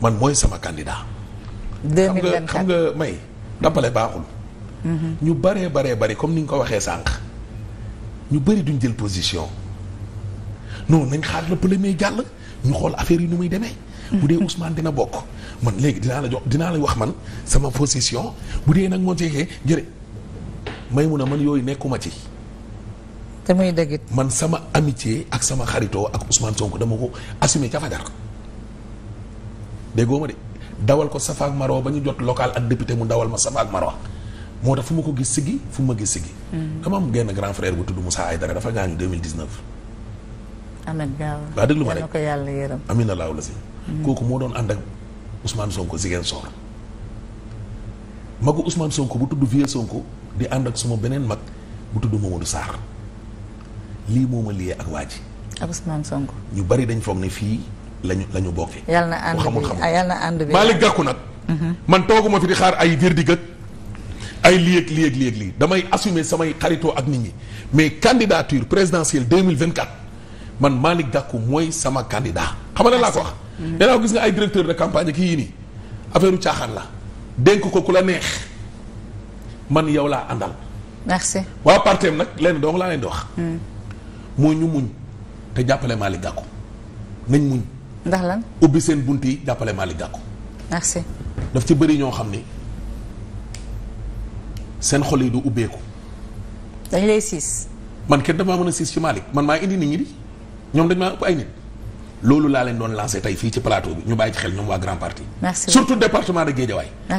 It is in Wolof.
man mooy sama candidat. 2024 xam nga may dappale baaxul. Mhm. ñu baree baree bari comme ni nga ko waxee sànq. ñu bëri duñ jël position non nañ xaar le premier jàll ñu xool affaire yi nu muy demee. Mhm. bu dee Ousmane dina bokk man léegi dinaa la jox dinaa la wax man sama position bu dee nag moo jeexee jërë may mu a man yooyu nekkuma ci. te muy dëgg man sama amitié ak sama xaritoo ak Ousmane Sonko dama ko assumé ca fajar déggoo ma de dawal ko safaak marwa ba ñu jot local ak député mu dawal ma safaak marwa moo tax fu ma ko gis sigi fu ma gis sigi mm. dama am genn grand frère bu tudd Moussa Aydara dafa gaañu 2019 amet gaaw waaw déglu ma rek ko yàlla yërëm la si mm. kooku moo doon ànd ak Ousmane Sonko Ziguinchor magu Ousmane Sonko bu tudd Vieux Sonko di ànd ak suma beneen mag bu tudd Mamadou Sarr lii moo ma liyee ak waa ak Ousmane Sonko ñu bari dañ foog ne fii lañu la ñu bokkee. yal na ànd bi yal na ànd bi Malick Gakou nag. Mhm. man tooguma fi di xaar ay verdict ay lii ak lii ak lii ak lii damay assumer samay xarito ak nit ñi mais candidature présidentielle 2024 man Malick Gakou mooy sama candidat. xam nga laa ko wax. nee mhm. naa gis nga ay directeur de campagne kii yii nii affaire u la dénk ko ku la neex man yow laa àndal. waa parteem nag lenn dong laa leen di wax. Mm. mooy ñu muñ te jàppale Malick Gakou nañ muñ. ndax lan ubbi seen bunt yi jàppale Malick Gakou. merci. daf ci bëri ñoo xam ni seen xol yi du ubbeeku. dañ lay siis. man kenn damaa mën a siis ci Malick man maa indi nit ñi di ñoom dañ maa ëpp ay nit. loolu laa leen doon lancé tey fii ci plateau bi ñu bàyyi ci xel ñoom waa grand parti. surtout département de Guédiawaye.